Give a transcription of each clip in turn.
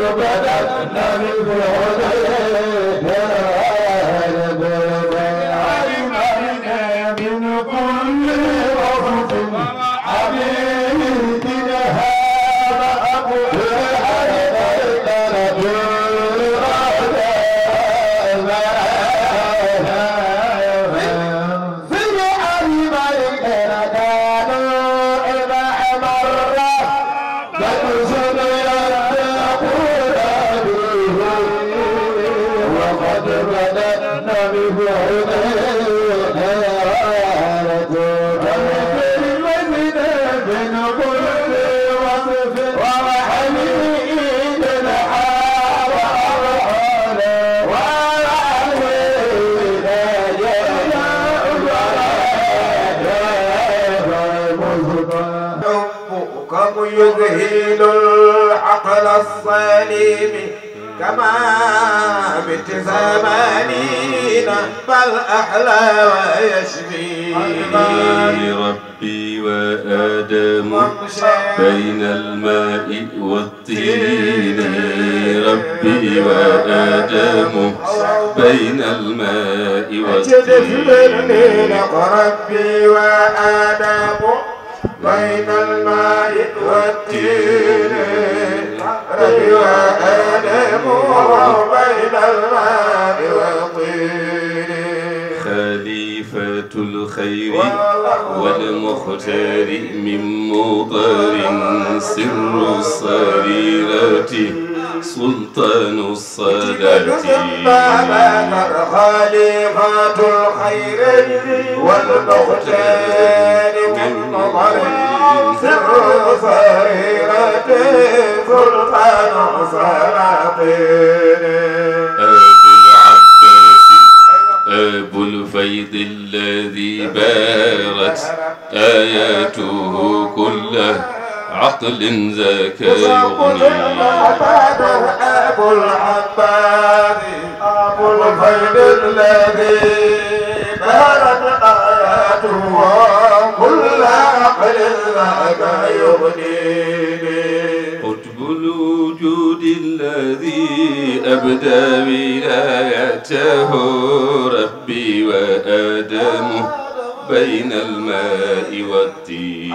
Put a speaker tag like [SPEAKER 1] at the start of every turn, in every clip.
[SPEAKER 1] Guru Bhagat Nami Guru Hare ثابت زمانينا بل أحلى ربي وآدم بين الماء والطين ربي وآدم بين الماء والطين ربي وآدم بين الماء والطين النبي وآدم بين الماء والطين خليفة الخير والمختار من مطر سر السريرة سلطان الصلاة خليفة الخير من نظر سر صغيرة سلطان الصلاة أبو الفيض الذي بارت آياته كلها عقل ذاك أبو العباد أبو الخير الذي بارت آياته كل عقل ذاك يغنيني قطب الوجود الذي أبدى ولايته ربي وآدمه بين الماء والطين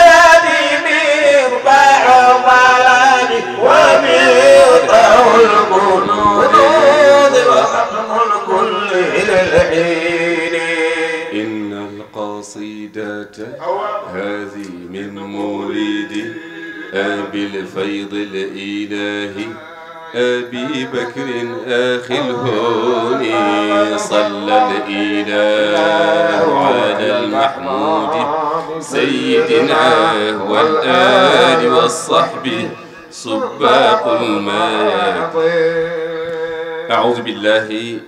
[SPEAKER 2] ميقع الجنود وحكم الكل إلى الحين
[SPEAKER 1] إن القصيدة هذه من مريد أبي الفيض الإلهي أبي بكر أخي الهون صلى الإله على المحمود سيدنا والآل والصحب صباق الماء أعوذ بالله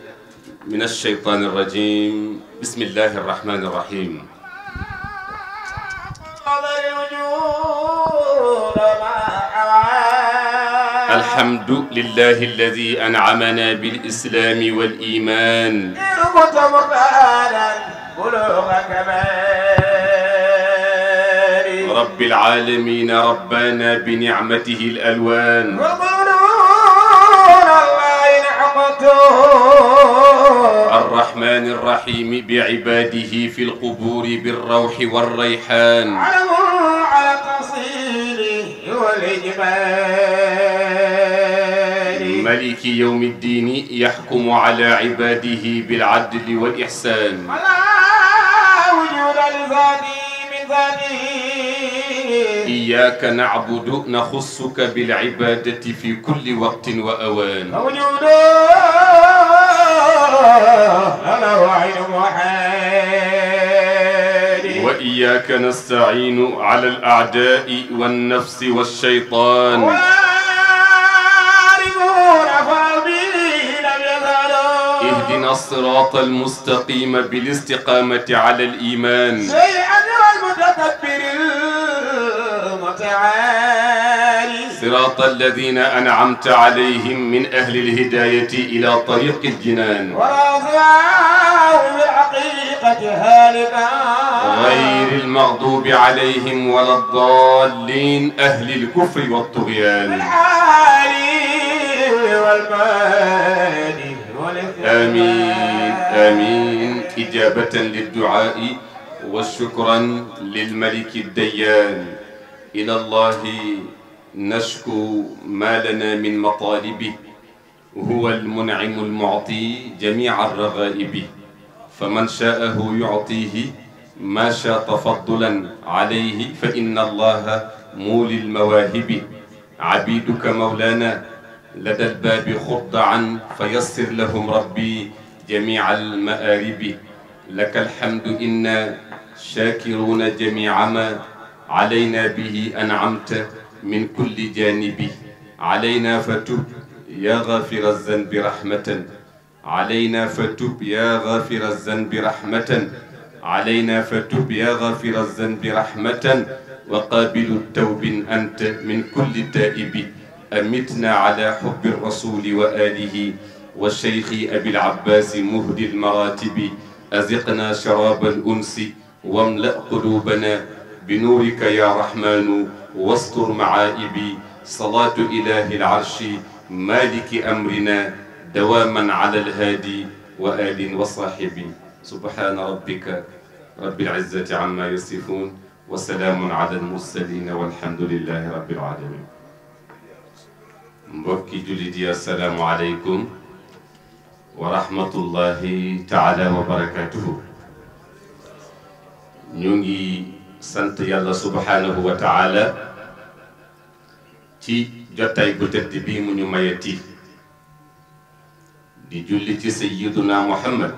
[SPEAKER 1] من الشيطان الرجيم بسم الله الرحمن الرحيم الحمد لله الذي أنعمنا بالإسلام والإيمان رب العالمين ربنا بنعمته الألوان
[SPEAKER 2] الله نعمته
[SPEAKER 1] الرحمن الرحيم بعباده في القبور بالروح والريحان على والإجمال ملك يوم الدين يحكم على عباده بالعدل والإحسان
[SPEAKER 2] على وجود لزاني من زاده
[SPEAKER 1] إياك نعبد نخصك بالعبادة في كل وقت وأوان أنا وعين وإياك نستعين على الأعداء والنفس والشيطان اهدنا الصراط المستقيم بالاستقامة على الإيمان
[SPEAKER 2] سيئا والمتكبرين الضال
[SPEAKER 1] صراط الذين أنعمت عليهم من أهل الهداية إلى طريق الجنان
[SPEAKER 2] ورضاهم بالعقيقة هالبا
[SPEAKER 1] غير المغضوب عليهم ولا الضالين أهل الكفر والطغيان والمالي آمين آمين إجابة للدعاء وشكرا للملك الديان إلى الله نشكو ما لنا من مطالبه هو المنعم المعطي جميع الرغائب فمن شاءه يعطيه ما شاء تفضلا عليه فإن الله مولي
[SPEAKER 2] المواهب عبيدك مولانا لدى الباب خضعا فيسر لهم ربي جميع المآرب لك الحمد
[SPEAKER 1] إنا شاكرون جميع ما علينا به أنعمت من كل جانب علينا فتب يا غافر الذنب
[SPEAKER 2] رحمة علينا فتب يا غافر الذنب رحمة علينا فتب يا غافر الذنب رحمة وقابل التوب أنت من كل تائب أمتنا على حب الرسول وآله
[SPEAKER 1] والشيخ أبي العباس مهدي المراتب أزقنا شراب الأنس واملأ قلوبنا بنورك يا رحمن واستر
[SPEAKER 2] معائبي صلاة إله العرش مالك أمرنا دواما على الهادي وآل وصاحبي سبحان ربك
[SPEAKER 1] رب العزة عما يصفون وسلام على المرسلين والحمد لله رب العالمين مبكي جلدي السلام عليكم ورحمة الله تعالى وبركاته wa sant yàlla subhanahu wa taala
[SPEAKER 2] ci jotaay bu tëdd bii mu ñu mayati di julli ci sayyiduna muhammad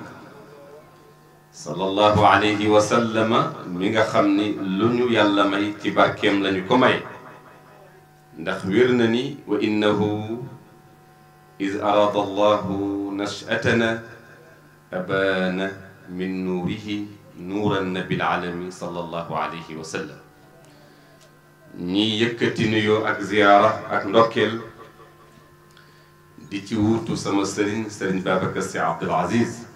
[SPEAKER 2] sallallahu alayhi wa sallama mi nga xam ni lu ñu yàlla may ci barkeem lañu ko may ndax wér na ni wa innahu iz arada allahu nashatana abana min nuurihi نور النبي العالمين صلى الله عليه وسلم ني يكتي نيو اك زياره اك نوكل دي تي ووتو سما سيرين سيرين بابك سي عبد العزيز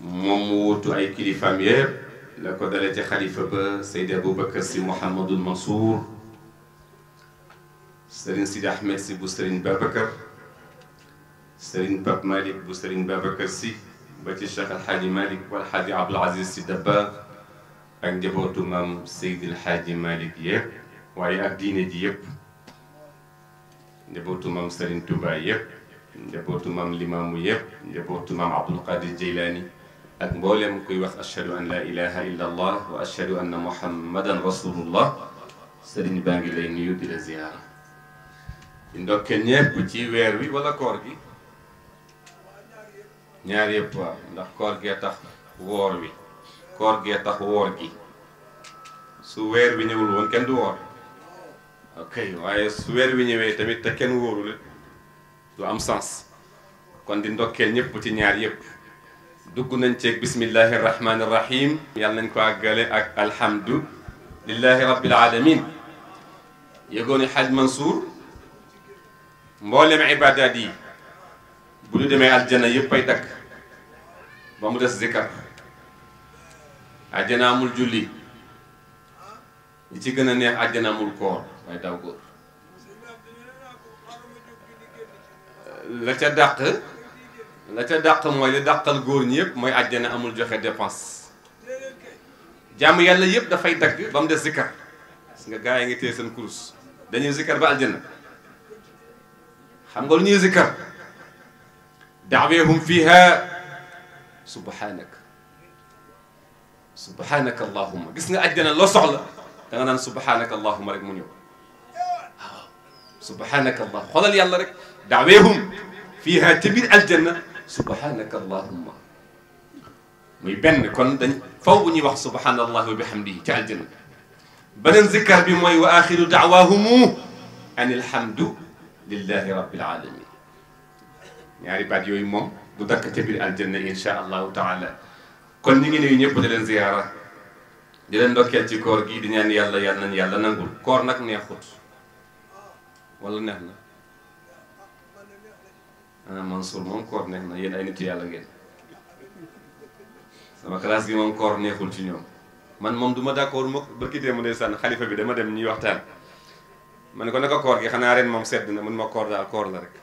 [SPEAKER 2] موم ووتو اي كليفام يير لا كو دالتي خليفه با سيد ابو بكر سي محمد المنصور سيرين سيد احمد سي بو سيرين بابكر سيرين باب مالك بو سيرين بابكر سي بيتي الشيخ الحاج مالك والحاج عبد العزيز الدباغ عندي هو تمام السيد الحاج مالك ياب وعي الدين ديب نبو تمام سرين توبا ياب
[SPEAKER 1] نبو تمام الإمام ياب نبو تمام عبد القادر الجيلاني أك مولم كي وقت أشهد أن لا إله إلا الله وأشهد أن محمدا رسول الله سرين بانجي لينيو دي لزيارة إن دوكن ياب كتي ويروي ولا
[SPEAKER 2] كورجي ñaar yëpp waaw ndax koor gee tax woor wi koor gee tax woor gi su weer bi ñëwul woon kenn du woor ok waaye su weer bi ñëwee tamit te kenn wóorul du am sens kon di ndokkeel ñëpp ci ñaar yëpp dugg nañ ceeg bismillahi rahman rahim yàlla nañ ko àggale ak alhamdu lillahi rabbil alamin ni xaj Mansour mboolem ibadat yi bu ñu demee aljana yëpp ay takk ba mu des zikar aljana amul julli li ci gën a neex aljana amul koor waaye daaw góor la ca dàq la ca dàq mooy li dàqal góor ñi yëpp mooy aljana amul joxe dépense jàmm yàlla yëpp dafay dagg ba mu des zikar gis nga gaa yi ngi téye seen kurus dañuy zikar ba aljana xam nga lu ñuy zikar دعويهم فيها سبحانك سبحانك اللهم قسنا أدنا لو صعلا أنا سبحانك اللهم لك من سبحانك الله خلال الله لك دعويهم فيها تبين الجنة سبحانك اللهم ويبن كون دني فوقني وقت سبحان الله وبحمده تعال جنة بدن ذكر بموي وآخر دعواهم أن الحمد لله رب العالمين ñaari baat yooyu moom du dakk ca biir aljanna insha allahu taala kon ñu ngi nuyu ñëpp di leen ziyaara di leen ndokkeel ci koor gi di yàlla yàlla nañ yàlla nangul koor nag neexut wala neex na ah Mansour moom koor neex na yéen ay nit yàlla ngeen sama classe gi moom koor neexul ci ñoom man moom du ma d'accord ma bërki dee mu ndeysaan xalifa bi dama dem ñuy waxtaan ma ne ko naka koor gi xanaa ren moom sedd na mun ma koor daal koor la rek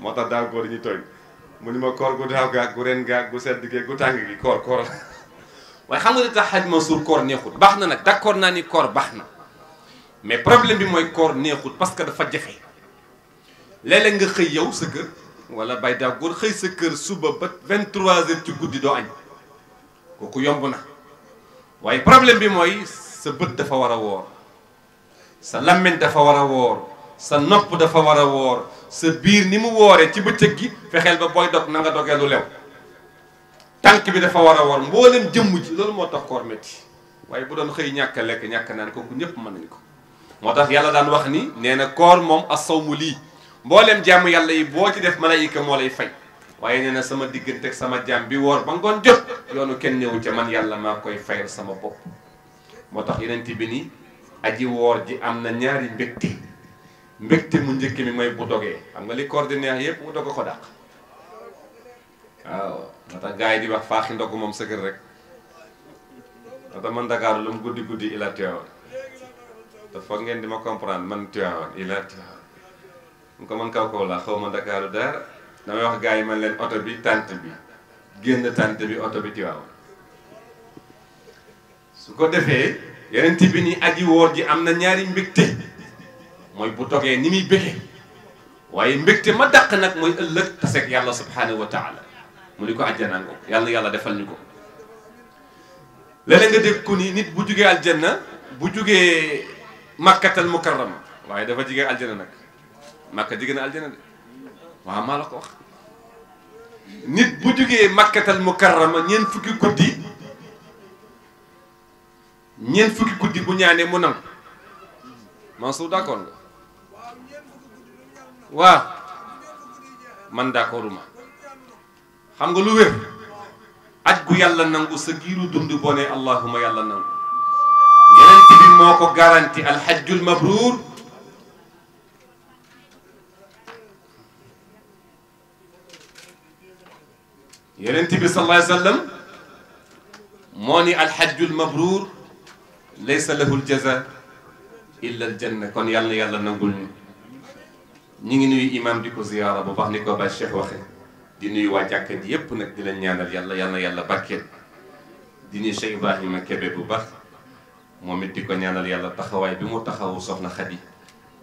[SPEAKER 2] mata tax daaw ni toy muni ma kor gu daaw gaag gu ren gaag gu sedd ge gu tàng gi kor kor way xam nga li tax xaj Mansour koor neexut baxna nak d'accord na ni kor baxna mais problème bi moy kor neexut parce que dafa jafe lélé nga xëy yow sa keur wala bay daaw gor xëy sa keur suba ba 23h ci guddi do añ koku yombuna na problème bi moy sa beut dafa wara wor sa lamine dafa wara wor sa nopp dafa war a woor sa biir ni mu wooree ci bëccëg gi fexeel ba booy dog na nga dogee lu lew tànk bi dafa war a woor mboolem jëmm ji loolu moo tax koor métti waaye bu doon xëy ñàkk lekk ñàkk naan kooku ñëpp mën nañ ko moo tax yàlla daan wax ni nee na koor moom asawmu lii mboolem jàmm yàlla yi boo ci def malaayika moo lay fay waaye nee na sama diggante ak sama jàmm bi woor ba ngoon jot yoonu kenn ñëwu ca man yàlla maa koy fayal sama bopp moo tax yeneen bi ni aji woor ji am na ñaari mbégte mbégte mu njëkk mi mooy bu dogee xam nga li koor di neex yëpp bu dog ko dàq waaw moo tax gars di wax faaxi ndog moom sëgër rek moo tax man Dakar lu mu guddi guddi ila Tiwaawan te foog ngeen di ma comprendre man Tiwaawan ila Tiwaawan mu ko man kaw kaw laa xaw ma Dakaaru dara damay wax gars yi man leen oto bi tànt bi génn tànt bi oto bi Tiwaawan su ko defee yeneen bi ni aji woor ji am na ñaari mbégte moy bu toge ni mi bége waye mbekté ma dàq nag mooy ëllëg taseeg yàlla subhanahu wa taala mu ni ko àjjanaa yàlla yàlla defal ñuko ko nga def kuni nit bu jugee aljana bu jugee al mukarram waye dafa jigee aljanna nag màkka na aljana de wa ma la ko wax nit bu jugee al mukarram ñen fukki guddi ñen fukki guddi bu ñaané mu nangu Mansour d'accord waaw man d'accorduma xam nga lu wér aj gu yàlla nangu sa giiru dund boo ne allahuma yàlla nangu yeneen bi moo ko garanti alxajjul mabruur yeneen bi sallallahu alayhi wa sallam moo ni alxajjul mabruur laysa lahu aljaza illa aljanna kon yàlla yàlla nangul ñu ñu ngi nuyu imam di ko ziyaara bu baax ni ko ba Cheikh waxe di nuyu waa jàkka ji yépp nag di la ñaanal yàlla yàlla yàlla barkeel di nuyu Cheikh Ibrahima Kébé bu baax moom it di ko ñaanal yàlla taxawaay bi mu taxawu soxna Xadi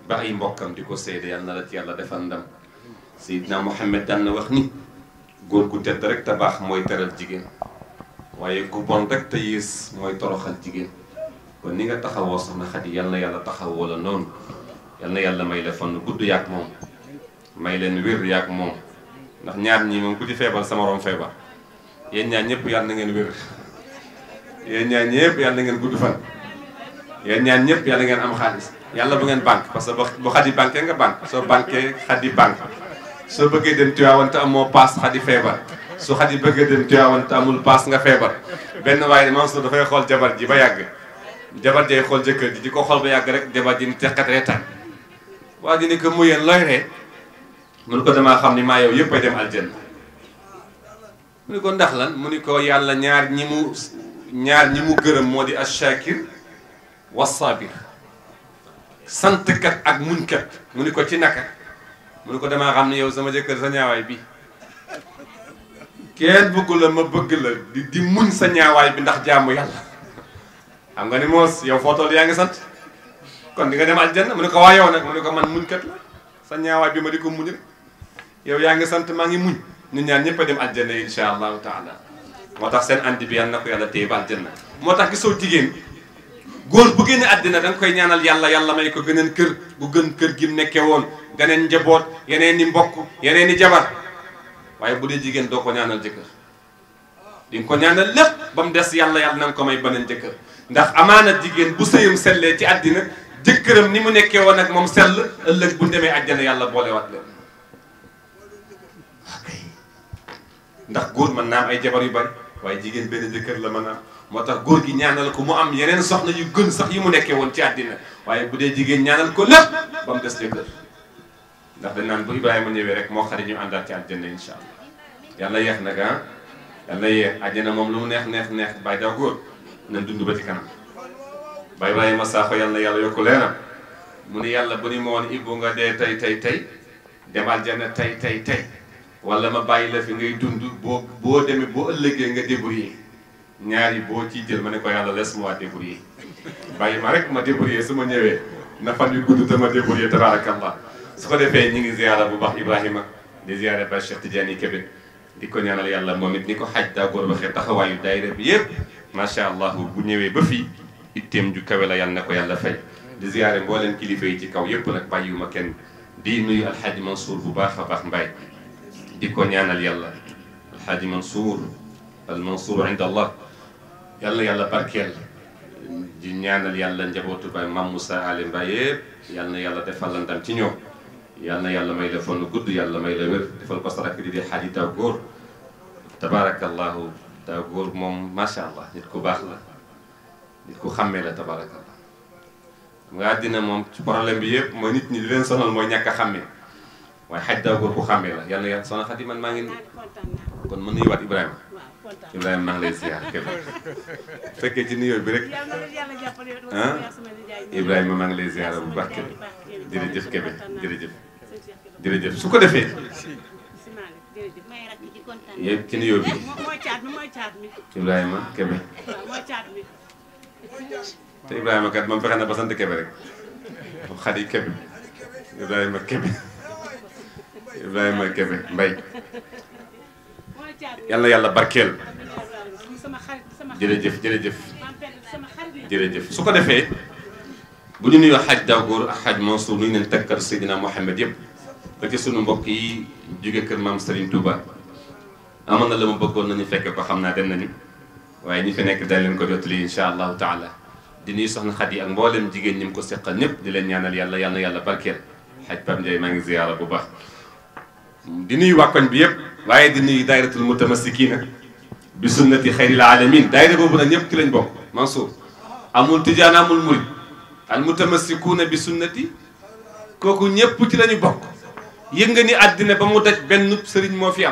[SPEAKER 2] ba ay mbokkam di ko seede yàlla na la ci yàlla defal ndam Seydina Mohamed daan na wax ni góor gu tedd rek te baax mooy teral jigéen waaye gu bon rek te yées mooy toroxal jigéen kon ni nga taxawoo soxna Xadi yàlla na yàlla taxawoo la noonu yal na may la fan gudd wir moom may len wér yak mom ndax ñaar ñi mom ku ci sama rom febal yeen ñaar ñepp yalla na ngeen wir yeen ñaar ñepp yalla na ngeen guddu fan yeen ñaar ñepp yalla na ngeen am xaalis yalla bu ngeen bank parce que bu xadi banque nga bank so banque xadi bank so bëggee dem tiawante am mo pass xadi febal su xadi bëggee dem tiawante amul pass nga way benn so da fay xol jabar ji ba yàgg jabar jay xol jëkkër ji di ko ba yàgg rek jabar ji ni tekkat waa ji ni ko mu yéen looy ree mu ko damaa xam ni maa yow yëpp ay dem aljanna mu ne ko ndax lan mu ni ko yàlla ñaar ñi mu ñaar ñi mu gërëm moo di ashakir wasaabir santkat ak muñkat mu ni ko ci naka mu ni ko damaa xam ne yow sama jëkkër sa ñaawaay bi kenn bëggu la ma bëgg la di di muñ sa ñaawaay bi ndax jaamu yàlla xam nga ni moos yow foo yaa ngi sant kon di nga dem aljanna mu ne ko waa yow nag mu ne ko man muñ kat sa ñaawaay bi ma di ko muñ rek yow yaa ngi sant maa ngi muñ ñun ñaan ñëpp a dem aljanna yi incha allahu taala moo tax seen andi bi yal na ko yàlla téye ba aljanna moo tax gisoo jigéen góor bu génne àddina da koy ñaanal yàlla yàlla may ko gëneen kër bu gën kër gi mu nekkee woon ganeen njaboot yeneen i mbokk yeneen i jabar waaye bu dee jigéen doo ko ñaanal jëkkër di nga ko ñaanal lépp ba mu des yàlla yàlla na ko may beneen jëkkër ndax amaana jigéen bu sëyam sellee ci àddina jëkkëram ni mu nekkee woon ak moom sell ëllëg bu demee àjjana yàlla boolewaat leen ndax góor mën naa ay jabar yu bari waaye jigéen benn jëkkër la mën a am moo tax góor gi ñaanal ko mu am yeneen soxna yu gën sax yi mu nekkee woon ci àddina waaye bu dee jigéen ñaanal ko lépp ba mu des jëkkër ndax dañ naan bu Ibrahima ñëwee rek moo xari ñu àndaat ci àjjana incha yàlla yeex nag ah yàlla yeex àjjana moom lu mu neex neex neex bàyyi daw góor nañ dund ba ci bay bàyyi ma saaxo yal na yàlla yokku leeram mu ne yàlla bu ni ma nga dee tey tey tey demal jana tey tey tey wala ma bàyyi la fi ngay dund boo boo demee boo ëllëgee nga débrouiller ñaari bo ci jël mané ko yalla les mois débrouiller bàyyi ma rek ma débrouiller suma ñëwé na fan yu gudd te ma tabarak allah su ko défé ñi ngi ziyara bu bax Ibrahima di ziyara ba Cheikh Tidiane Kébé di ko ñaanal yàlla momit it ni ko xaj daa góor waxee taxawaayu daayira bi yëpp ma sha allah bu ñëwé ba fii. itteem ju kawe la yàlla na ko yàlla fay di ziyaare mboolem kilifa yi ci kaw yëpp nag bàyyiwuma kenn di nuyu alxaaji Mansour bu baax a baax mbaay di ko ñaanal yàlla alxaaji Mansour al Mansour inda allah yàlla yàlla barkeel di ñaanal yàlla njabootu baay Mame Moussa Ali Mbaye yëpp yàlla na yàlla defal la ndam ci ñoom yàlla na yàlla may la fonu gudd yàlla may la wér defal ko sarak di di xaaji taw góor tabaarakallahu taw góor moom macha allah nit ku baax la nit ku xàmmee la tabarakallah xam nga àddina moom ci problème bi yëpp mooy nit ñi di leen sonal mooy ñàkk a xàmmee waaye xaj daa góor ku xàmmee la yàlla na yàlla soxna Xadi man maa ngi nii kon mën nuyuwaat Ibrahima Ibrahima maa ngi lay siyaar kenn fekkee ci nuyoo bi rek ah Ibrahima maa ngi lay siyaar bu baax kenn jërëjëf Kébé jërëjëf jërëjëf su ko defee yéen ci nuyoo bi
[SPEAKER 1] Ibrahima Kébé
[SPEAKER 2] te Ibrahima kat moom fexe na ba sant Kébé rek xadi Kébé Ibrahima Kébé Ibrahima Kébé Mbaye yal na yàlla barkeel jërëjëf jërëjëf jërëjëf su ko defee bu ñu nuyoo xaaj daaw góor ak xaaj Mansour nuyu nañ takkar Seydina Mohamed yëpp ba ci sunu mbokk yi jóge kër maam Serigne Touba amoon na la ma bëggoon nañu fekke ko xam naa dem nañu وعيني في نك دالن قلت لي إن شاء الله تعالى دنيا صحن خدي أنبالم دجن يمكو سقل نب دلني أنا يلا يلا يلا, يلا بكر حد بام جاي مان زيارة بابا دنيا واقن بيب وعي دنيا دائرة المتمسكين بسنة خير العالمين دائرة بابا نب كلن بوم منصور أمول تجانا أمول مول المتمسكون بسنتي كوكو نيب تي لاني بوك ييغني ادنا بن سيرين مو في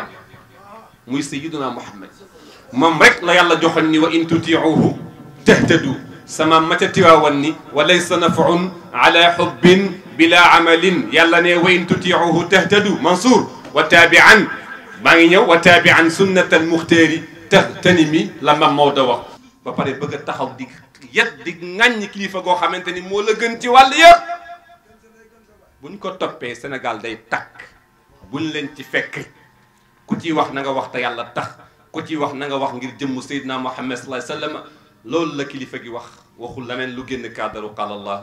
[SPEAKER 2] محمد مام ريك لا يالا جوخني وان تطيعوه تهتدوا سما متى تواوني وليس نفع على حب بلا عمل يالا ني وان تطيعوه تهتدوا منصور وتابعا ماغي نيو وتابعا سنه المختار تغتنمي لما مودا وخ با باري بغا تخاو ديك يد ديك غاني كليفه غو خامتاني مو لا گنتي والي بون كو توبي سنغال داي تاك بون لين تي فك كوتي وخ نغا يالا تخ كوتي واخ نغا واخ غير جيم سيدنا محمد صلى الله عليه وسلم لول لا كليفاغي واخ واخو لامن لو ген كادر قال الله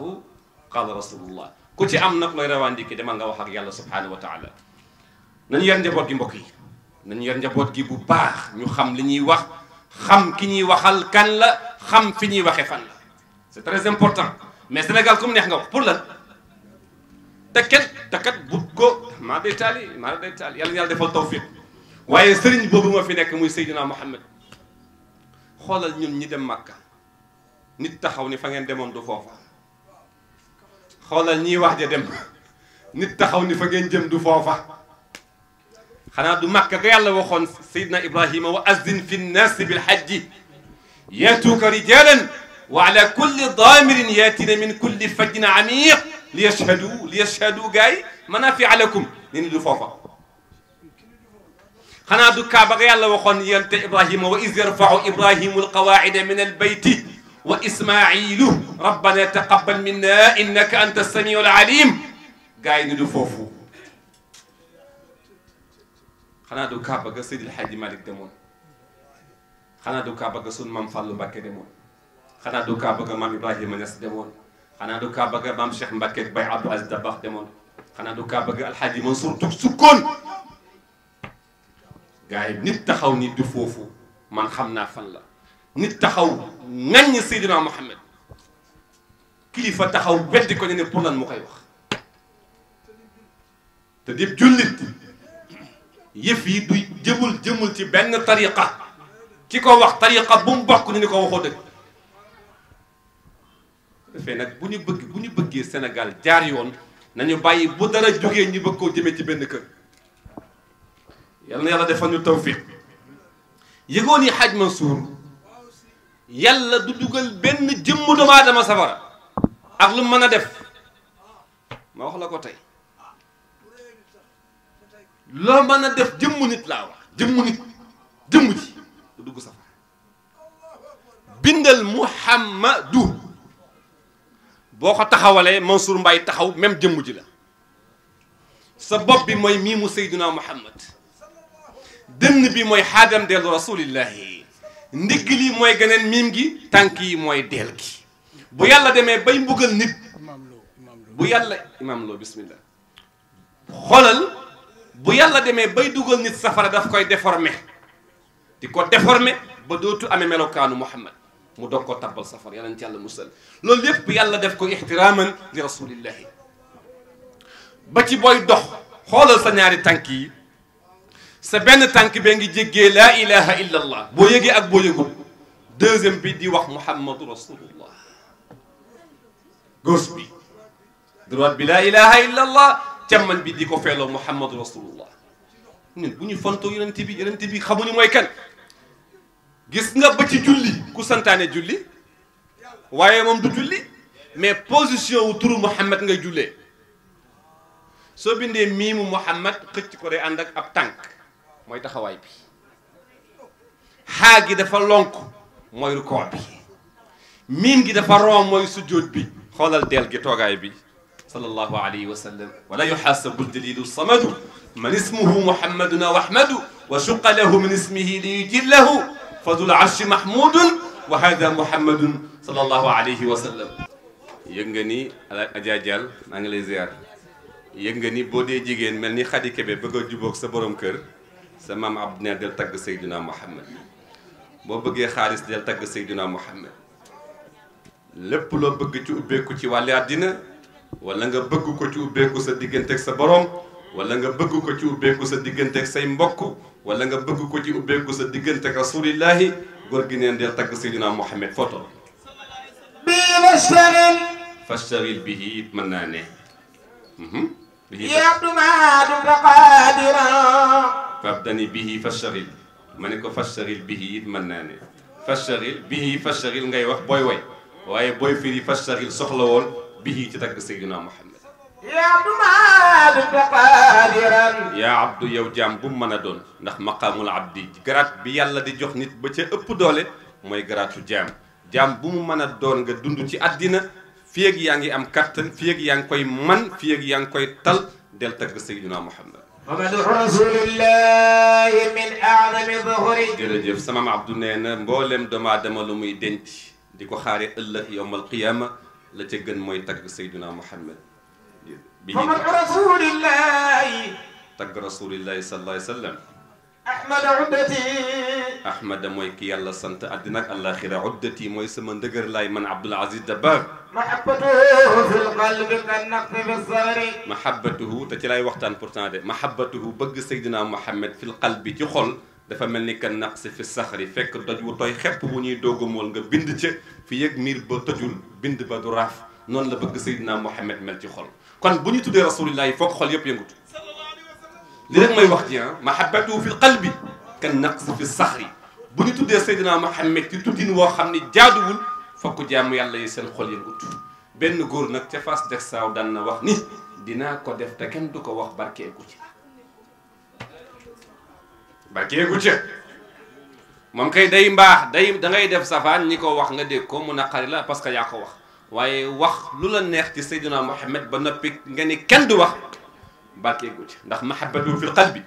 [SPEAKER 2] قال رسول الله كوتي ام نك لو ريوان ديكي دما غا واخ يالله سبحانه وتعالى نان يار نجابوت كي مبوكي نان يار نجابوت كي بو باخ ني خام لي ني واخ خام كي ني واخال كان لا خام في ني واخي فان لا سي تريز امبورطون مي سنغال كوم نيه غا بور لا تكت تكت بوكو ما بيتالي ما بيتالي يالله يالله ديفال توفيق waye serigne bobu moo fi nek muy Seydina Muhammad xolal ñun ñi dem Makka nit taxaw ni fa ngeen demone du foofa xolal ñi wax ja dem nit taxaw ni fa ngeen jëm du foofa xana du Makka ko yàlla waxon Seydina ibrahim wa azin fi nnaasi bil hajj yatuuka rijalan wa ala kulli daamirin yatina min kulli fajjin amiq li yashhadu li yashhadu gaay manafia lakum ni du foofa xanaa du kaaba ga yàlla waxoon yonte ibrahima wa iz yarfau ibrahimu alqawaida min albayti wa ismailu rabbana taqabbal minna innaka anta samiu alalim gars yi ni du foofu xanaa du kaaba ga Seydi El Hadji Malick demoon xanaa du kaaba ga sun maam Fallou Mbacké demoon xanaa du kaaba ga maam Ibrahima Niass demoon xanaa du kaaba ga maam Cheikh Mbacké Baye Abdou Aziz Dabakh demoon xanaa du kaaba ga Alhaji Mansour Toug Sukkoon gaay nit taxaw ni du fofu man xamna fan la nit taxaw ŋaññ sayyidina muhammad kilifa taxaw weddi ko ne pour lan mu koy wax te di julit yëf yi du jëmul jëmul ci ben tariqa ki ko wax tariqa bu mu bokk ni ko waxo dëgg fe nak buñu bëgg buñu bëggé Sénégal jaar yoon nañu bàyyi bu dara jógee ñu bëgg ko jëmé ci ben kër يلا يلا دفن التوفيق يجوني حاج منصور يلا دوجل بن جمو دو ما دما سفر اك لو مانا ديف ما واخ لاكو تاي لو مانا ديف جمو نيت لا واخ جمو نيت جمو جي دوجو سفر بندل محمد بوكو تخاولي منصور مباي تخاو ميم جمو جي لا سبب بي موي ميمو سيدنا محمد دمن بي موي حادم ديال رسول الله نديغلي موي غنن ميمغي تانكي موي ديلكي بو يالا ديمي باي مبوغل نيت امام لو امام لو بو يالا امام لو بسم الله خولال بو يالا ديمي باي دوغل نيت سفر داف كوي ديفورمي ديكو ديفورمي با دوتو امي ملوكانو محمد مو دوكو تابال سفر يالا نتي يالا موسل لول ييب بو يالا داف كو احتراما لرسول الله باتي بوي دوخ خولال سا نياري تانكي sa benn tànk bee ngi jéggee laa ilaha illa allah boo yëgee ak boo yëgul deuxième bi di wax muhammadu rasulullah gauche bi droite bi laa ilaha illa allah càmmañ bi di ko feeloo muhammadu rasulullah ñun bu ñu fontoo yonente bi yonente bi xamuñu mooy kan gis nga ba ci julli ku santaane julli waaye moom du julli mais position wu turu muhammad ngay jullee soo bindee miimu muhammad xëcc ko day ànd ak ab tànk moy taxaway bi haagi dafa lonk mooy rukoo bi mim gi dafa rom moy sujjóot bi xolal del gi toogaay bi sallallahu alayhi wa sallam wala yuxaasabu ljalilu samadu man ismuhu muhammadun wa ahmadu wa shaqqa lahu min ismihi li fadul arshi mahmud wa hadha muhammadun sallallahu alayhi wa sallam yengani nga ni Adja lay ziar yengani bodé jigen melni dee Kébé sa borom keur سمام عبد نير ديال طق سيدنا محمد مو بقي خالص ديال طق سيدنا محمد لب لو بغ تي اوبيكو تي والي ادينا ولا nga بغ كو تي اوبيكو سا ديغنتك سا بروم ولا nga بغ كو تي اوبيكو سا ديغنتك ساي مبوك ولا nga بغ كو تي اوبيكو سا ديغنتك رسول الله غورغي نين ديال طق سيدنا محمد فوتو بيشتغل فاشتغل به تمناني يا عبد ما عبد قادر fabtani bihi fashtaghil ma ne ko fashtaghil bihi it mën naa ne fashtaghil bihi fashtaghil ngay wax booy way waaye booy firi fashtaghil soxla woon bihi ci tagg Seydina Muhammad yaa abdu maalika qaadiran yaa abdu yow jaam bu mu mën a doon ndax maqaamul abdi garaat bi yàlla di jox nit ba ca ëpp doole mooy garaatu jaam jaam bu mu mën a doon nga dund ci àddina fii ak yaa ngi am kattan fii ak yaa ngi koy man fii ak yaa ngi koy tal del tagg Seydina Muhammad محمد رسول الله min aadami zuhuri jërëjëf sama abdu nee na mboolem doomu aadama lu muy denc di ko xaare ëllëg yowmal qiyaama la ca gën mooy tagg Seydina Muhammad bi ñuy tagg rasulillahi tagg rasulillahi sallallahu alayhi wa sallam ahmad uddati ahmada mooy ki yàlla sant àddina ak àllaaxira uddati mooy sama ndëgër laay man Abdoul Aziz Dabakh mahabbatuhu fil qalbi kannaqbi fi sadri mahabbatuhu te ci lay waxtaan pourtant de mahabbatuhu bëgg Seydina Mouhamed fil qalbi ci xol dafa mel ni kan naqsi fi saxri fekk doj wu tooy xepp bu ñuy doog mool nga bind ca fi yëg miir ba tojul bind ba du raaf noonu la bëgg Seydina Mouhamed mel ci xol kon bu ñu tuddee rasulillahi foog xol yëpp yëngutu لذلك ما يوقتي محبته في القلب كالنقص في الصخر بني تودي سيدنا محمد تي تودي نوا خامني جادول فكو جام يالا يي سن خول يغوت بن غور نك تي فاس ديك ساو دان واخ ني دينا كو ديف تا كين دوكو واخ باركي غوتي باركي غوتي مام كاي داي مباخ داي دا غاي ديف سافان ني كو واخ نغا ديك كو مونا خاري لا باسكو يا كو واخ واي واخ لولا نيه تي سيدنا محمد با نوبي غاني كين دو واخ بارك لي قلت ناخ محبه في القلب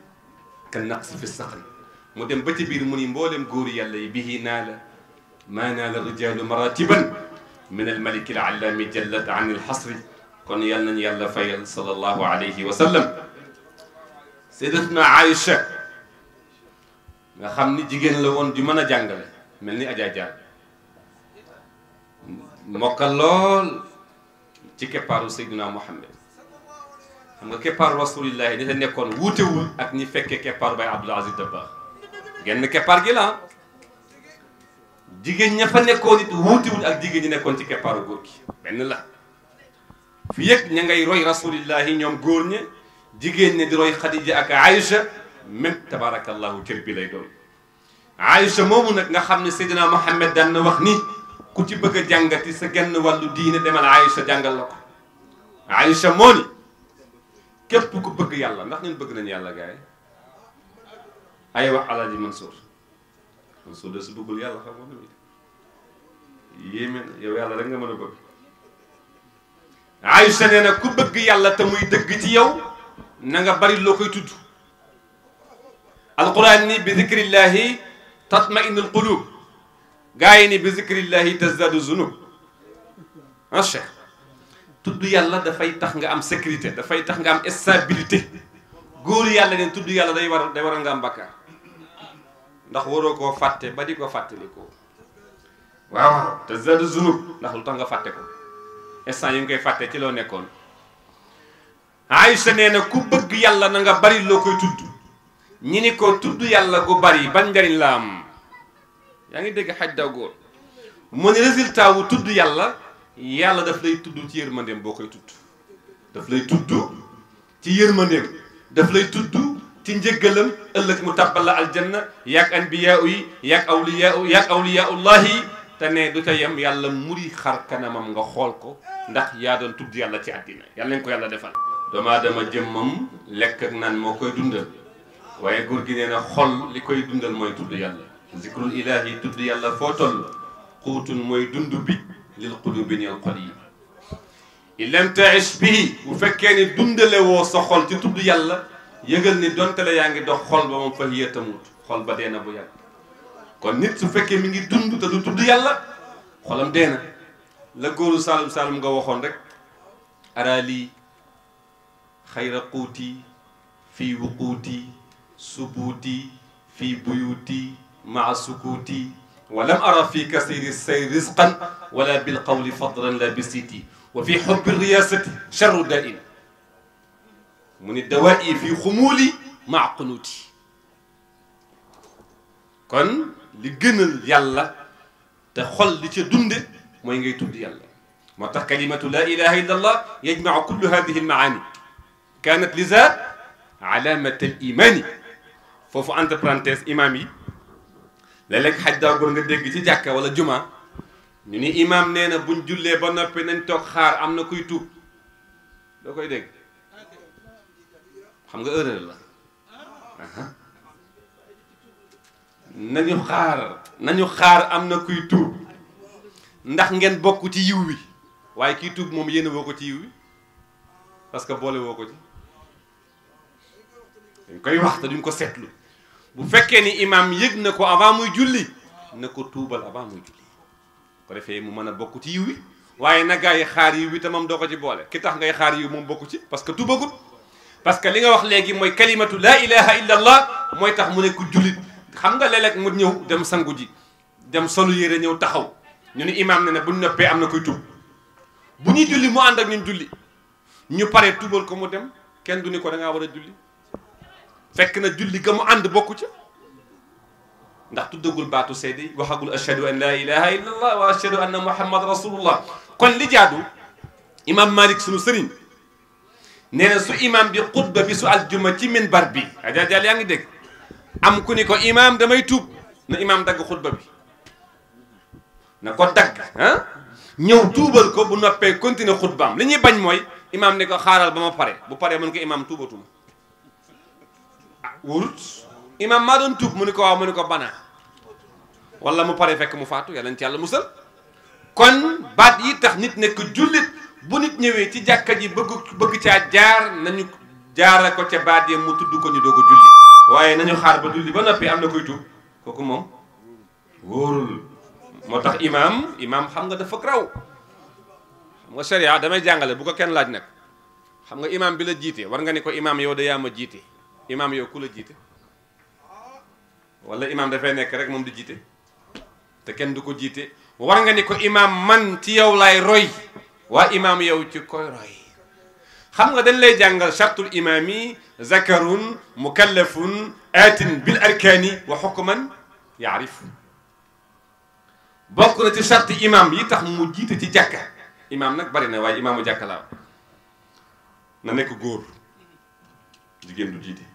[SPEAKER 2] كان نقص في الصقر مودم بتي بير موني مبولم غوري اللي به نال ما نال الرجال مراتبا من الملك العلام جلت عن الحصر كن يلا يلا فيل صلى الله عليه وسلم سيدتنا عائشة ما خمني جيجن لون دي مانا جانجل ملني أجا جان مقلول تيكي بارو سيدنا محمد xam nga keppaaru rasulillahi ni te nekkoon wuutewul ak ñi fekkee keppaaru bay abdul Aziz Dabakh genn keppaar gi la jigéen ña fa nekkoon it wuutewul ak jigéen ñi nekkoon ci keppaaru góor gi benn la fi yëg ña ngay roy rasulillahi ñoom góor ña jigéen ña di roy Khadija ak Aïcha même tabarakallahu cër bi lay doon Aïcha moomu nag nga xam ne Seydina Mohamed daan na wax ni ku ci bëgg a jàngati sa genn wàllu diine demal Aïcha jàngal la ko Aïcha moo ni képp ku bëgg yàlla ndax ñun bëgg nañu yàlla gaay ay wax alaaji Mansour Mansour de su bëggul yàlla xam nga ni yéeme na yow yàlla rek a bëgg Aysa nee na ku bëgg yàlla te muy dëgg ci yow bari loo koy tudd alquran ni bi zikrillahi tatma'innul qulub gaa yi ni bi zikrillahi tazdadu zunub ah cheikh tudd yàlla dafay tax nga am sécurité dafay tax nga am stabilité góor yàlla neen tudd yàlla day war day waral nga am bakkaar ndax waroo koo fàtte ba di ko fàttali ko waaw te zadu zunub ndax lu tax nga fàtte ko instant yi nga koy fàtte ci loo nekkoon Aïcha nee na ku bëgg yàlla na nga bari loo koy tudd ñi ni ko tudd yàlla gu bari ba njariñ la am yaa ngi dégg xaj daw góor mu ne résultat wu tudd yàlla yàlla daf lay tudd ci yërmandeem boo koy tudd daf lay tudd ci yërmandeem daf lay tudd ci njëggalam ëllëg mu tàbbal la aljanna yaag anbiyaau yi yaag awliyaau yaag te ne du ca yem yàlla muri xar kanamam nga xool ko ndax yaa doon tudd yàlla ci àddina yàlla nañ ko yàlla defal doomu aadama jëmmam lekk ak naan moo koy dundal waaye góor gi nee na xol li koy dundal mooy tudd yàlla zikrul ilahi tudd yàlla foo toll xuutun mooy dund bi للقلوب القلي ان لم تعش به وفكاني دندل و سخول تي تود يالا ييغل ني دونتلا ياغي دو خول بام فهي تموت خول با دينا بو يال كون نيت سو فكي ميغي دوند تا دو يالا خولم دينا لا غورو سالم سالم غا وخون رك ارالي خير قوتي في وقوتي سبوتي في بيوتي مع سكوتي ولم أرى فيك سيدي السيد رزقا ولا بالقول فضلا لا بسيتي وفي حب الرياسة شر دائم من الدواء في خمولي مع قنوتي كن لجنل يلا تخل لتدند وين يتود يلا ما كلمة لا إله إلا الله يجمع كل هذه المعاني كانت لذا علامة الإيمان فوف أنت برانتيس إمامي léeg-léeg xaj daa góor nga dégg ci jàkka wala juma ñu ni imaam nee na buñ jullee ba noppi nañ toog xaar am na kuy tuub doo koy dégg xam nga erreur la nañu xaar nañu xaar am na kuy tuub ndax ngeen bokk ci yiw wi waaye kiy tuub moom yéene woo ko ci yiw wi parce que boole woo ko ci dañ koy wax te duñ ko seetlu bu fekke ni imam yëg na ko avant muy julli na ko tuubal avant muy julli ko defey mu meuna bokku ci yiwi waye na gaa xaar yiwi tamam te ko ci bolé ki tax ngay xaar yiwi mom bokku ci parce que tuubagut parce que li nga wax léegi moy kalimatu la ilaha illa allah moy tax mu ne ko julit xam nga lelek mu ñëw dem sangu ji dem solu yére ñëw taxaw ñu ni imam ne bu ñu amna koy tuub bu ñi julli mu ànd ak ñu julli ñu pare tubal ko mu dem kenn du ni ko da nga wara julli fekk na julli ga mu ànd bokku ca ndax tuddagul baatu seede yi waxagul ashhadu an laa ilaha illa allah wa ashhadu anna muhammad rasulullah kon li jaadu imam malik sunu sëriñ nee na su imam bi xutba bi su aljuma ci minbar bi ajaajal yaa ngi dégg am ku ni ko imam damay tuub na imam dagg xutba bi na ko dagg ah ñëw tuubal ko bu noppee continuer xutbaam li ñuy bañ mooy imam ne ko xaaral ba ma pare bu paree mën ko imam tuubatuma wurut imam Madun tup tuub mu ni ko mu ni ko banaa wala mu pare fek mu fatu yalla nti yalla kon bat yi tax nit nek nyewe bu nit ñewé ci jakka ji bëgg bëgg ci jaar nañu jaar ko ci baat yi ya mu tuddu ko ñu dogu julli waye nañu xaar ba julli ba nopi am na koy tup koku mom worul motax imam Imam xam nga dafa kraw xam nga sharia damay jangalé bu ko kenn laaj nak xam nga imam bi la jité war nga ni ko imam yow da ma imaam yow ku la jiite wala imaam dafay nekk rek moom di jiite te kenn du ko jiite war nga ni ko imaam man ci yow laay roy waa imaam yow ci koy roy xam nga dañ lay jàngal chartul imaami zakarun mukallafun aatin bil arkaani wa xukman na ci charti imaam yi tax mu jiite ci jàkka imaam nag bari na waaye imaamu jàkka laa na jiite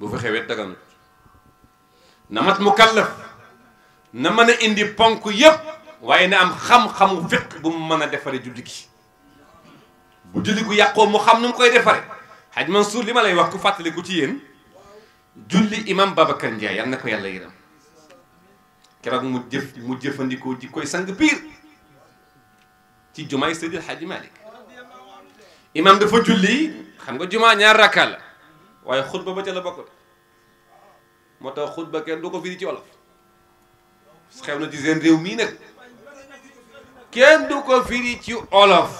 [SPEAKER 2] bu fi xewet daganut na mat mukallaf na mëna indi ponk yépp waaye na am xam xam fiq bu mu mën defare julli gi bu julli gu yàqoo mu xam nu mu koy defare xaj Mansour li ma lay wax ku fàttaliku ci yéen julli imam Babacar Ndiaye yal na ko yàlla yiram keroog mu jëf mu jëfandikoo ji koy sang pire ci jumaay Seydil Hadji malik imam dafa julli xam nga jumaa ñaar rakka la waaye xutba ba ca la bokk moo tax xutba kenn du ko firi ci olof xew na ci réew mii nag kenn du ko firi ci olof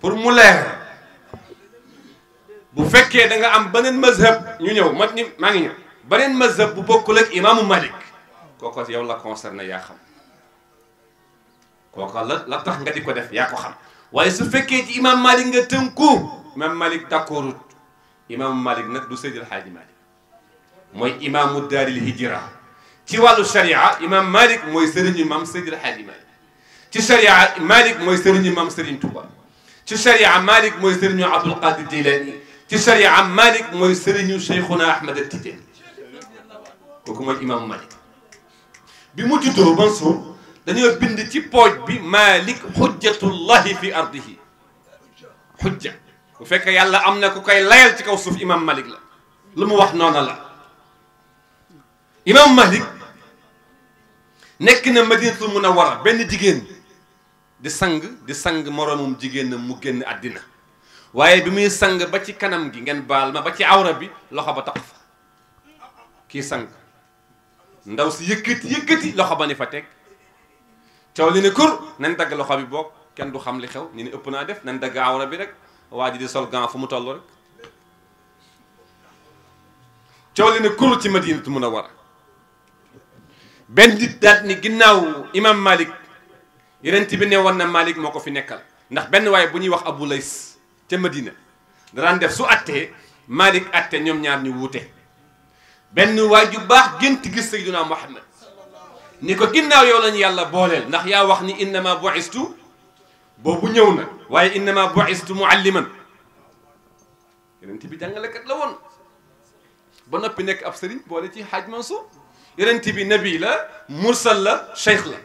[SPEAKER 2] pour mu leer bu fekkee da nga am beneen mazhab ñu ñëw mat ni maa ngi ñëw beneen mazhab bu bokkul ak imaamu Malik kooko yow la concerné yaa xam kooko la la tax nga di ko def yaa ko xam waaye su fekkee ci imaam Malik nga tënku imaam Malik d'accordut imam Malik nag du Seydil Xaaji Malik mooy imaamu daaril hijra ci wàllu sharia imaam Malik mooy sëriñu maam Seydil Xaaji Malik ci sharia Malik mooy sëriñu maam Serigne Touba ci sharia Malik mooy sëriñu Abdul Qadir Jilani ci sharia Malik mooy sëriñu Cheikhuna Ahmad Tijani kooku mooy imaamu Malik bi mu juddoo Mansour dañoo bind ci pooj bi Malik xujjatullahi fi ardihi xujja bu fekkee yàlla am na ku koy layal ci kaw suuf imam malik la lu mu wax noona la imam malik nekk na madinatul munawwara benn jigéen di sang di sang moroomum jigéenam mu génn àddina waaye bi muy sang ba ci kanam gi ngeen baal ma ba ci awra bi loxo ba tax fa kii sang ndaw si yëkkati yëkkati loxo ba ni fa teg coow li ne kur nañ dagg loxo bi boog kenn du xam li xew ni ne ëpp naa def nañ dagg awra bi rek waa ji di sol gant fu mu toll rek coow li ne kur ci madinatu munawara benn nit daal ni ginnaaw imam malik yeneen bi ne woon na malik moo ko fi nekkal ndax benn waaye bu ñuy wax abu lays ca madina daraan def su attee malik atte ñoom ñaar ñu wuute benn waay ju baax gént gis sayyiduna muhammad ni ko ginnaaw yow lañu yàlla booleel ndax yaa wax ni innama bu'istu boobu ñëw na waaye innama bu'istu mualliman yonent bi jàngalekat la woon ba noppi nekk ab sëriñ boole ci Haaj Mansour yonent bi nabi la mursal la cheikh la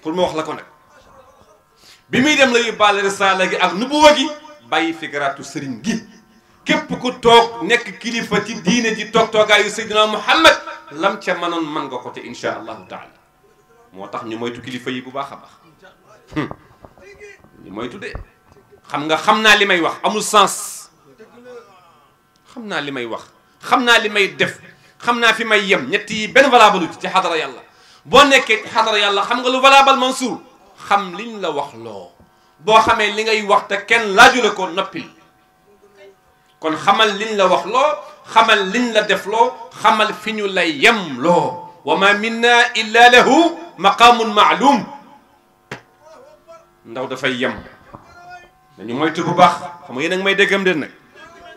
[SPEAKER 2] pour ma wax la ko nag bi muy dem la yóbbaale risaala gi ak nubuwa gi bàyyi figaraatu sëriñ gi képp ku toog nekk kilifa ci diine ji toog toogaayu Seydina Muhammad lam ca mënoon man nga ko te incha allahu taala moo tax ñu moytu kilifa yi bu baax a baax li mooy tuddee xam nga xam naa li may wax amul sens xam naa li may wax xam naa li may def xam naa fi may yem ñett yi benn valable ci ci yàlla boo nekkee ci yàlla xam nga lu valable Mansour xam liñ la wax loo boo xamee li ngay wax te kenn laaju la ko noppil kon xamal liñ la wax lo xamal liñ la def lo xamal fiñu lay yem lo wa ma minna illa lahu maqaamun maalum ndaw da fay yam dañu moytu bu bax xam nga yéen a may déggam den nak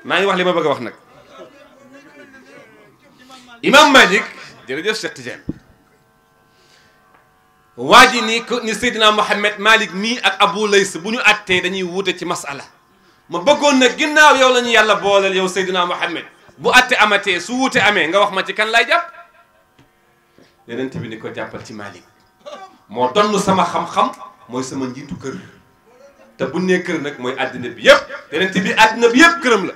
[SPEAKER 2] ma ngi wax li ma bëgg wax nak imam malik jërëjëf Cheikh Tidiane waa ji ni ko ni sayyidina muhammad Malik ni ak Abu Lays buñu atté dañuy wuté ci masala ma bëggoon nag ginnaaw yow lañu yàlla booleel yow sayyidina muhammad bu àtte amaté su wuté amé nga wax ma ci kan lay jàpp yeneen bi ni ko jàppal ci Malik mo donn sama xam-xam moy sama njitu keur te bu nee kër nag mooy àddina bi yëpp yonent bi adina bi yëpp keuram la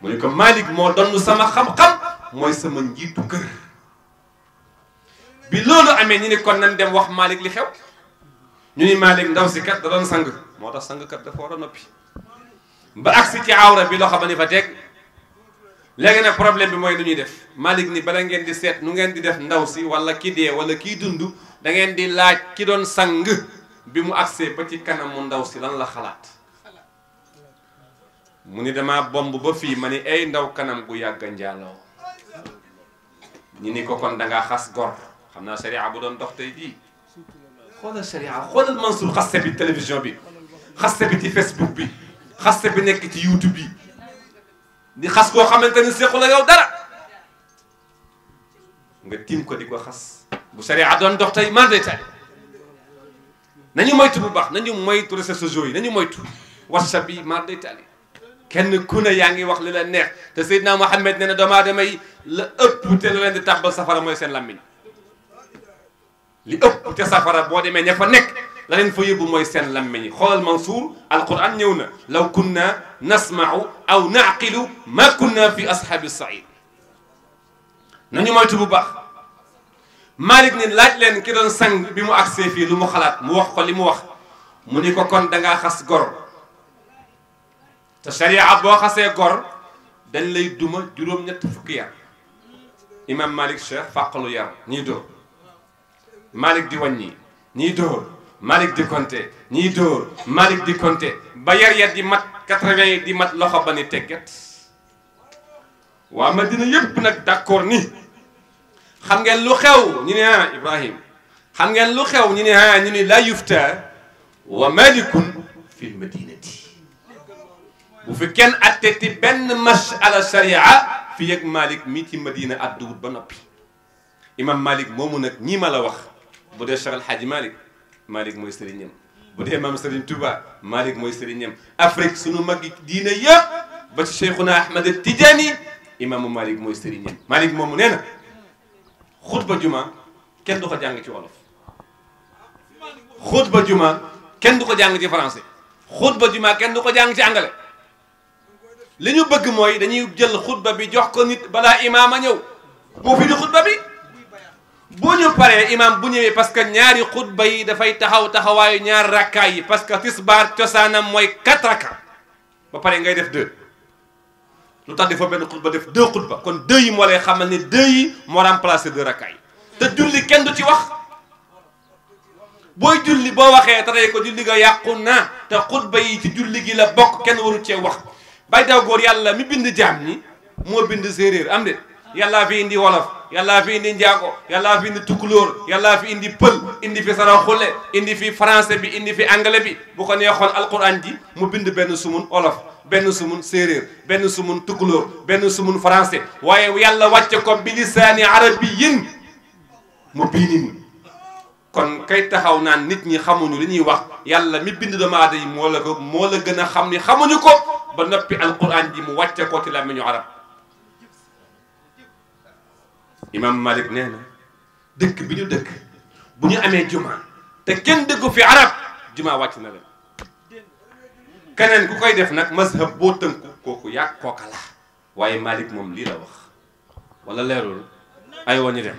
[SPEAKER 2] mu ne ko malik mo donn sama xam-xam moy sama njitu keur bi lolu amé ñi ne kon nañ dem wax malik li xew ñu ni malik ndaw si kat da don sang motax sang kat da war a noppi ba agsi ci awra bi loxo ba fa tek légui nag problème bi moy lu ñuy def malik ni bala ngeen di set nu ngeen di def ndaw si wala ki dé wala ki dundu da ngeen di laaj ki doon sang bi mu agsee ba ci kanam kanamu ndaw si lan la xalaat mu ni dama bomb ba fii ma ni ay ndaw kanam gu yàgg njaaloo ñi ni ko kon danga xas gor xam naa sariya bu doon dox tey jii xoolal sariya xoolal Mansour xaste bi télévision bi xaste bi ci Facebook bi xaste bi nekk ci YouTube bi di xas koo xamante ni séqu la yow dara nga tiim ko di ko xas bu sariya doon dox tay man day tay nañu moytu bu bax nañu moytu réseaux sociaux yi nañu moytu whatsapp yi man day tay kenn ku ne yaangi wax lila neex te sayyidna Mohamed neena na doomu aadama yi la ëpp te la leen di tàbbal safara moy seen lamine li ëpp te safara bo demé ña fa nekk la leen fa yëbbu moy seen lamine yi xoolal Mansour alquran ñëw na law kunna nasmau aw naqilu ma kunna fi ashabis said nañu moytu bu bax malik ni laaj len ki don sang bi mu ak sefi lu mu xalat mu wax ko limu wax mu ni ko kon da nga xass gor ta sharia bo xasse gor dañ lay duma jurom ñet fukki ya imam malik Cheikh faqlu yar ni do malik di wàññi ni do malik di compter ni do malik di compter ba yar yar di mat 80 di mat loxo bani tegget wa Madina yeb nak d'accord ni xam ngeen lu xew ñu ne ah Ibrahim xam ngeen lu xew ñu ne ah ñu ne la yufta wa malikun fil madinati bu fi kenn atteti benn ala sharia fi yëg Malik mi ci Madina at ba noppi imam Malik moomu nag ñii ma la wax bu dee Cheikh El Hadj Malik Malik mooy sëriñam bu dee mam Serigne Touba Malik mooy sëriñam Afrique sunu mag yi diina yëpp ba ci Cheikhuna Ahmed Tidiane imam Malik mooy sëriñam Malik moomu nee na. xutba juma kenn du ko jàng ci wolof xutba juma kenn du ko jàng ci français xutba juma kenn du ko jàng ci anglais li ñu bëgg mooy dañuy jël xutba bi jox ko nit balaa imaam a ñëw moo fi di xutba bi bu ñu paree imaam bu ñëwee parce que ñaari xutba yi dafay taxaw taxawaayu ñaar rakkaay yi parce que tisbaar cosaanam mooy quatre rakka ba pare ngay def deux lu tax defoo benn xutba def deux xutba kon deux yi moo lay xamal ne deux yi moo remplacé deux rakka yi te julli kenn du ci wax booy julli boo waxee tarey ko julli nga yàqu na te xutba yi ci julli gi la bokk kenn waru cee wax bay daw góor yàlla mi bind jaam ñi moo bind séeréer am de yàllaa fi indi wolof yàllaa fi indi njaago yàllaa fi indi tukulóor yàllaa fi indi pël indi fi sara xule indi fi français bi indi fi anglais bi bu ko neexoon alquran ji mu bind benn sumun olof benn sumun séeréer benn sumun tukulóor benn sumun français waaye yàlla wàcce ko bi arabiyyin mu biinin kon kay taxaw naan nit ñi xamuñu li ñuy wax yàlla mi bind doomu aadama yi moo la ko moo la gën a xamuñu ko ba noppi alquran ji mu wàcce ko ci làmmiñu arab imam malik nee na dëkk bi ñu dëkk bu ñu amee juma te kenn dëkku fi arab juma wàcc na leen keneen ku koy def nag mazhab boo tënku kooku yàq kooka la waaye malik moom lii la wax wala leerul ay wañu dem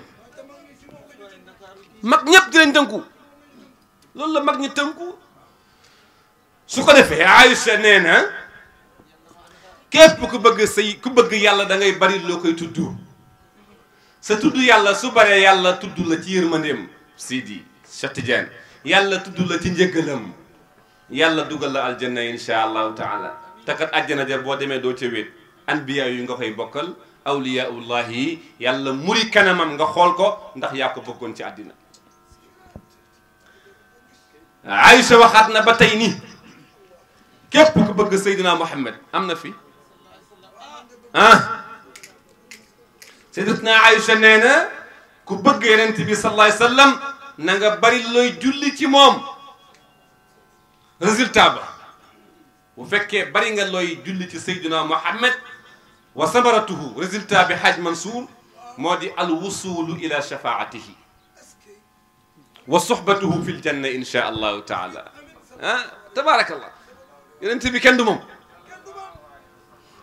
[SPEAKER 2] mag ñëpp di tënku loolu la mag ñi tënku su ko defee Aïcha nee na képp ku bëgg sëy ku bëgg yàlla da ngay bari loo koy tudd sa tudd yàlla su baree yàlla tudd la ci yërmandeem Sidi Cheikh Tidiane yàlla tudd la ci njëggalam yàlla dugal la aljanna insha allahu taala te kat àjjana jar boo demee doo ca wéet anbiya yu nga koy bokkal awliyaullahi yàlla muri kanamam nga xool ko ndax yaa ko bokkoon ci àddina Aïcha waxaat na ba tey ni képp ku bëgg Seydina Muhammad am na fi ah سيدتنا عائشة نانا كو بغ يننتبي صلى الله عليه وسلم نغا باري لوي جولي تي موم ريزلتابا و فكي باري nga لوي جولي تي سيدنا محمد وصبرته ريزلتا بحج منصور مودي الوصول الى شفاعته وصحبته في الجنه ان شاء الله تعالى ها تبارك الله يننتبي كندوم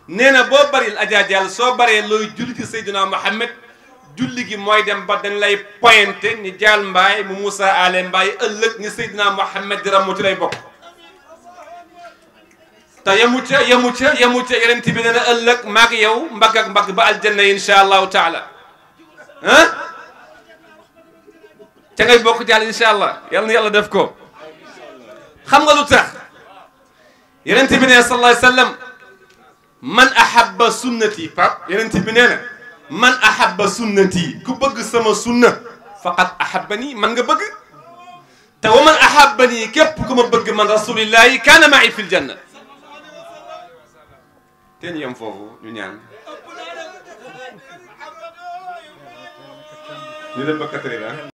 [SPEAKER 2] nee na boo baril Adja Diallo soo baree looy julli ci Seydina Mohamed julli gi mooy dem ba dañ lay pointé ni Dial Mbaye mu Moussa Ale Mbaye ëllëg ni Seydina Mohamed di ramu ci lay bokk te yemu ca yemu ca yemu ca yeneen bi nee na ëllëg maag yow mbagg ak mbagg ba aljanna incha allahu taala ah ca ngay bokk Dial incha allah yal na yàlla def ko xam nga lu tax yeneen bi nee sallallahu alayhi wa sallam من احب سنتي فا يننتي بنينا من احب سنتي كو بغ سما سنه فقط احبني من غا بغ تا احبني كيب كوما بغ من رسول الله كان معي في الجنه تاني يوم فوفو نيان ni le bakatrina